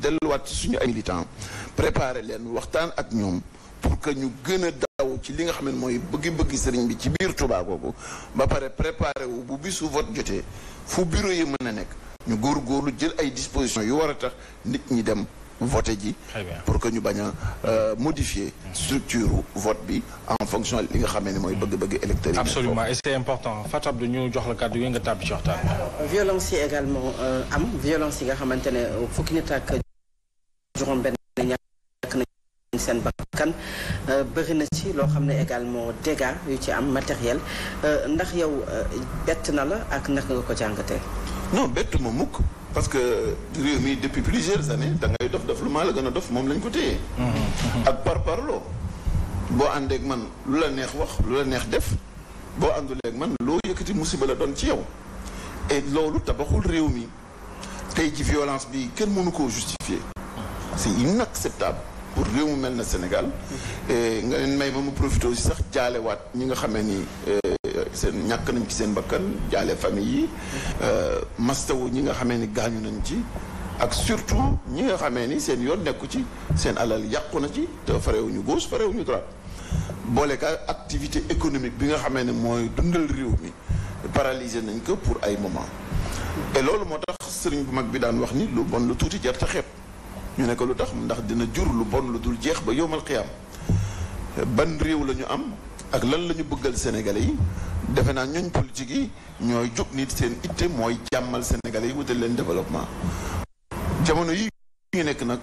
delluwaat suñu ay militants préparer leen waxtaan ak ñoom pour que ñu gën a daw ci li nga xam ne mooy bëgg-bëgg sëriñ bi ci biir Touba googu ba pare préparer wu bu bisu vote jotee fu bureau yi mën na nekk ñu góor góorgóorlu jël ay dispositions yu war a tax nit ñi dem voté ji pour que ñu bañ a euh, modifier structure vote bi en fonction li nga xam ne mooy bëgg-bëgg électeurs yi absolument et c'est important Fatou Abdou ñu jox la kàddu yi nga tàbbi ci waxtaan violence yi également euh, am violence ne fukki nit ak juróom benn ñàkk nañ seen bakkan euh, bëri na ci loo xam ne également dégâts yu ci am matériel euh, ndax yow euh, bett na la ak naka nga ko jàngatee. non bett ma mukk parce que réew mi depuis plusieurs années da ngay dof dof lu maa la gën a dof moom lañ ko téye. Mhm. ak par parloo boo àndeek man lu la neex wax lu la neex def boo ànduleeg man loo yëkkati musiba la doon ci yow et loolu tabaxul réew mi tey ji violence bi kenn mënu koo justifier c'est inacceptable pour réew mu mel na Sénégal e nga leen may ba mu profité aussi sax jaalewaat ñi nga xamee ni eh, seen ñàkk nañ ci seen bakkan jaale famille yi eh, mastawu ñi nga xame ni gaañu nañ ci ak surtout ñi nga xamee ni seen yoon nekku ci seen alal yàqu na ci te farewuñu gauche farewuñu droite boole ka activité économique bi nga xamee ne mooy dundal réew mi paralysé nañ ko pour ay moment et loolu moo tax sëriñ bu mag bi daan wax ni lu bon lu tuuti jar ta ñu nekk lu tax ndax dina jur lu bon lu dul jeex ba yowmal xiyaam ban réew lañu am ak lan la ñu bëggal Sénégalais yi defe naa ñooñ politique yi ñooy jóg nit seen itte mooy jàmmal Sénégalais yi wutal leen développement jamono yi nekk nag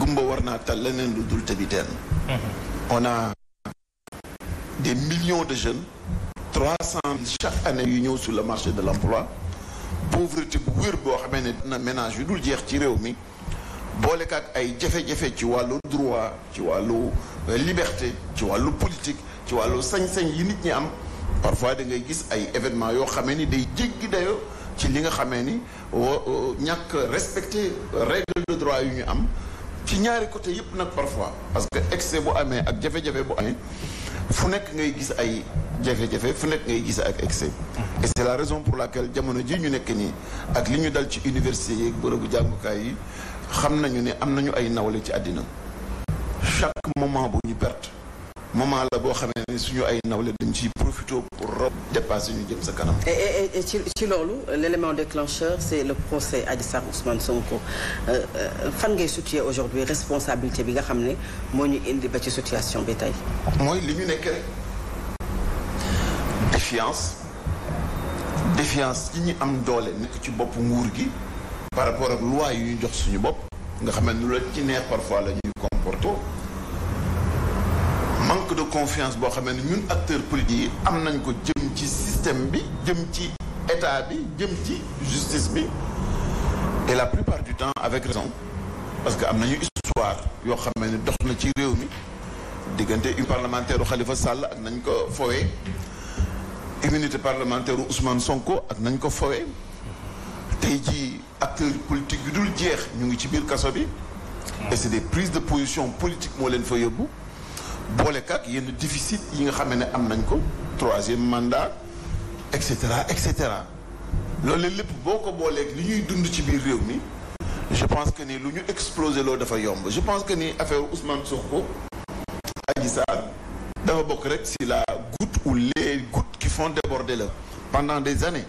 gumba war naa tal leneen lu dul tëbi teen mm-hmm. on a des millions de jeunes trois cent mille chaque année yu ñëw sur le marché de l'emploi pauvreté bu wér boo xamee ne dina ménage yu dul jeex ci réew mi boole ko ay jafe-jafe ci wàllu droit ci wàllu euh, liberté ci wàllu politique ci wàllu sañ-sañ yi nit ñi am parfois da ngay gis ay événements yoo xamee ni day jéggi dayoo ci li nga xamee ni euh, ñàkk respecter règle de droit yu ñu am ci ñaari côté yëpp nag parfois parce que excès bu amee ak jafe-jafe bu amee fu nekk ngay gis ay jafe-jafe fu nekk ngay gis ak excès et c'est la raison pour laquelle jamono ji ñu nekk nii ak li ñu dal ci université yi ak bërëbu yi xam nañu ne am nañu ay nawle ci àddina chaque moment bu ñu perte moment la boo xamee ne suñu ay nawle dañ ci profité pour rob dépasser ñu jëm sa kanam. ci ci loolu l' élément déclencheur c' est le procès Adji Sarr Ousmane Sonko euh, euh, fan ngay situer aujourd'hui responsabilité bi nga xam ne moo ñu indi ba ci situation bi tey. mooy li ñu nekk rek défiance défiance yi ñu am doole nekk ci bopp nguur gi. par rapport ak loi yu ñu jox suñu bopp nga xam ne nu la ci neex parfois la ñuy comporté manque de confiance boo xaman ne ñun acteur politiques yi am nañ ko jëm ci système bi jëm ci état bi jëm ci justice bi et la plupart du temps avec raison parce que am nañu histoire yoo xam ne dox na ci réew mi diggante une parlementaire u Khalifa Sall ak nañ ko foowee immunité parlementaire u Ousmane Sonko ak nañ ko foowee tey jii acteurs politiques yu dul jeex ñu ngi ci biir kaso bi et c'est des prise de position politique moo leen fa yóbbu boolekaak yenn déficit yi nga xam ne am nañ ko troisième mandat et cetera et cetera loolu lépp boo ko booleeg li ñuy dund ci biir réew mi je pense que ni lu ñu explosé loolu dafa yomb je pense que ni affaire Ousmane Sonko Adji Sarr dafa bokk rek si la goutte ou les gouttes qui font déborder la pendant des années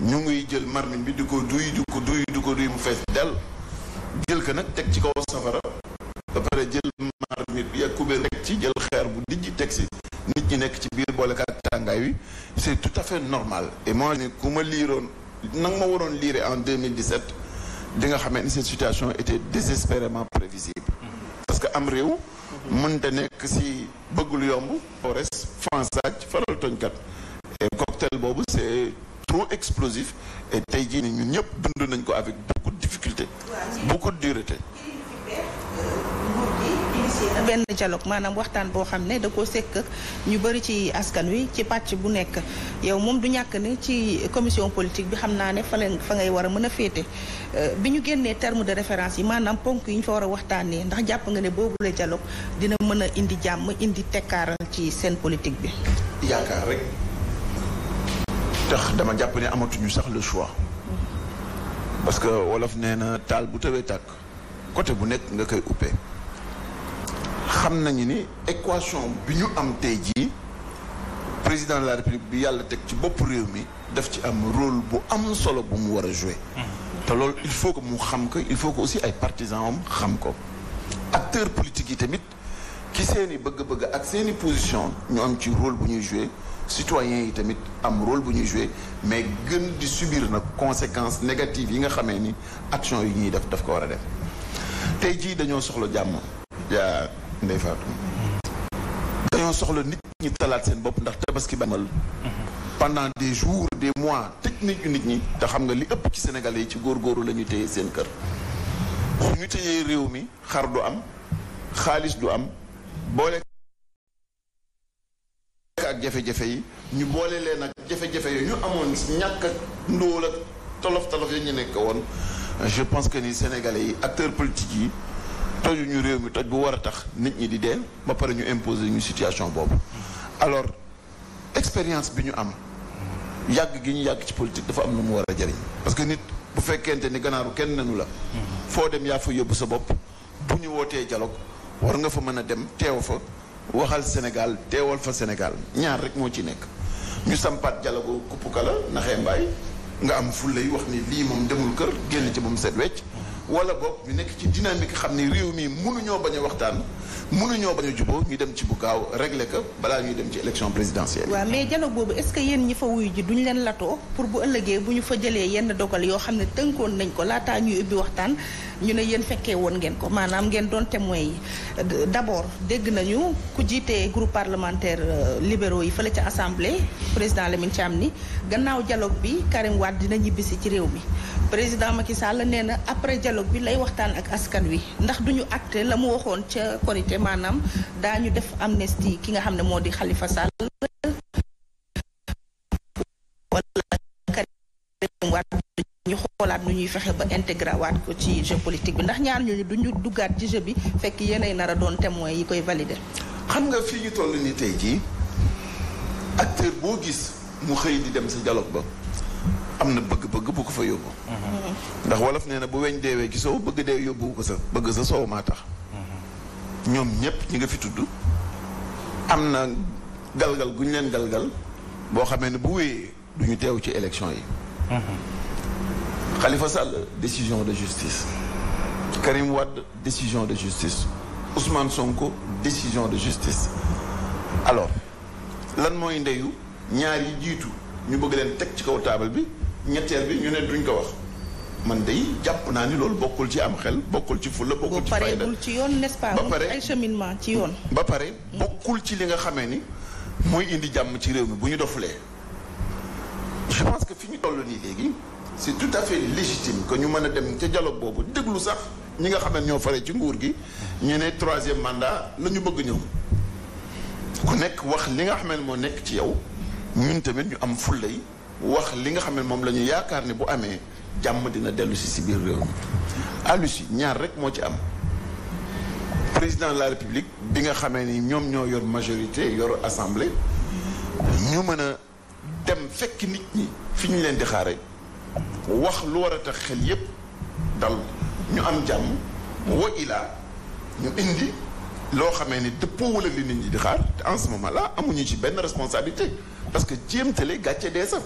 ñu ngi jël marmite bi di ko duy di ko duy di ko duy mu fees dell jël ko nag teg ci kaw safara ba jël marmite bi ak kubéer rek ci jël xeer bu dijj teg si nit ñi nekk ci biir boole ak tàngaay wi c'est tout à fait normal et moi ni ku ma liiroon nag ma waroon liire en 2017 di nga xamee ni cette situation était désespérément prévisible parce que am réew mënta nekk si bëggul yomb ores fan faral toñkat et cocktail boobu c'est trop explosif et tey jii nii ñun ñëpp dund nañ ko avec beaucoup de difficulté beaucoup dureté benn dialogue maanaam waxtaan boo xam ne da koo sekk ñu bëri ci askan wi ci pàcc bu nekk yow moom du ñàkk ne ci commission politique bi xam naa ne fa leen fa ngay war a mën a féete euh, bi ñu génnee terme de référence yi maanaam ponk yi ñu fa war a waxtaanee ndax jàpp nga ne boobu la dialogue dina mën a indi jàmm indi tekkaaral ci seen politique bi. yaakaar rek. tax dama jàpp ne amatuñu sax le choix parce que wolof nee na taal bu tawee tàkk côté bu nekk nga koy uppee xam nañu ni équation bi ñu am tey jii président de la république bi yàlla teg ci bopp réew mi def ci am rôle bu am solo bu mu war a jouer te loolu il faut que mu xam ko il faut que aussi ay partisans am xam ko acteur politiques yi tamit ki seeni i bëgg ak seeni position ñu am ci rôle bu ñuy jouer citoyens yi tamit am rôle bu ñuy joué mais gën di subir nag conséquence négatives yi nga xamee ni action yi ñuy def daf ko war a def tey jii dañoo soxla jàmm yaa Ndeye Fatou dañoo soxla nit ñi talaat seen bopp ndax tabaski bamal pendant des jour des mois tëj nañu nit ñi te xam nga li ëpp ci Sénégalais yi ci góorgóorlu la ñu téye seen kër su ñu téyee réew mi xar du am xaalis du am boole ak jafe yi ñu boole leen ak jafe-jafe yooyu ñu amoon ñàkk ak ndóol ak tolof tolof yi ñu nekk woon je pense que ni sénégalais yi acteurs politiques yi toju ñu réew mi toj bu war a tax nit ñi di dee ba pare ñu imposer ñu situation boobu alors expérience bi ñu am yàgg gi ñu yàgg ci politique dafa am lu mu war a jëriñ parce que nit bu fekkente ni ganaaru kenn nenu la foo dem yaa fa yóbbu sa bopp bu ñu wootee dialogue war nga fa mën a dem teew fa waxal Sénégal teewal fa Sénégal ñaar rek moo ci nekk ñu sampat sampaat jalago kupp kala naxee mbaay nga am fulla yi wax ni lii moom demul kër génn ci moom seet wecc wala boog ñu nekk ci dynamique xam ne réew mi mënuñoo bañ a waxtaan mënuñoo ñoo a jubóo ñu dem ci bu gaaw régler ko balaa ñuy dem ci élection présidentielle. waaw mais dialogue boobu est-ce que yéen ñi fa wuyu ji duñu leen latoo pour bu ëllëgee bu ñu fa jëlee yenn dogal yoo xam ne tënkoon nañ ko laataa ñuy ubbi waxtaan ñu ne yéen fekkee woon ngeen ko maanaam ngeen doon témoin yi d'abord dégg nañu ku jiite groupe parlementaire euh, libéro yi fa fële ca assemblée président Lamine Thiam ni gannaaw dialogue bi Karim Wade dina ñibbisi ci réew mi. président Macky Sall nee na après dialogue bi lay waxtaan ak askan wi ndax duñu acté la mu waxoon ca Korité maanaam daañu def amnistie ki nga xam ne moo di xalifa Sall wala Karim Wade ñu xoolaat nu ñuy fexe ba intégré waat ko ci jeu politique bi ndax ñaar ñooñu duñu duggaat ci jeu bi fekk yéenay nara a doon témoin yi koy valider. xam nga fii ñu toll ni tey jii acteur boo gis mu xëy di dem sa dialogue ba. am na bëgg-bëgg bu ko fa yóbbu ndax wolof nee na bu weñ deewee ci sow bëgg dee yóbbu ko sa bëgg sa sow maa tax ñoom ñépp ñi nga fi tudd am na galgal gu ñu leen galgal boo xamee ne bu wéyee du ñu teew ci élection yi Khalifa Sall décision de justice Karim Wade décision de justice Ousmane Sonko décision de justice alors lan mooy ndeyu ñaar yi jiitu ñu bëgg leen teg ci kaw taabal bi ñetteel bi ñu ne duñ ko wax man de jàpp naa ni loolu bokkul ci am xel bokkul ci fulla bokkul ci fayda bokkul ci yoon nest ba pare ay cheminement ci yoon ba pare bokkul ci li nga xamee ni mooy indi jàmm ci réew mi bu ñu defulee je pense que fi ñu toll nii léegi c'est tout à fait légitime que ñu mën a dem ca jaloo boobu déglu sax ñi nga xam ne ñoo fare ci nguur gi ñu ne troisième mandat la ñu bëgg ñëw ku nekk wax li nga xam moo nekk ci yow ñun tamit ñu am fulla yi wax li nga xam ne moom la ñu yaakaar ne bu amee jàmm dina dellu si si biir réew mi àllu ñaar rek moo ci am président de la république bi nga xamee ni ñoom ñoo yor majorité yor assemblée ñu mën a dem fekk nit ñi fi ñu leen di xaare wax lu war a tax xel yépp dal ñu am jàmm wa ilaa ñu indi loo xamee ni dëppoowul ak li nit ñi di xaar te en ce moment là amuñu ci benn responsabilité parce que jéem tale gàcce dee sax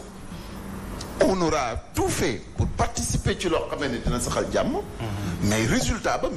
on aura tout fait pour participer ci loo xamee ne dina saxal jàmm mm-hmm. mais résultat ba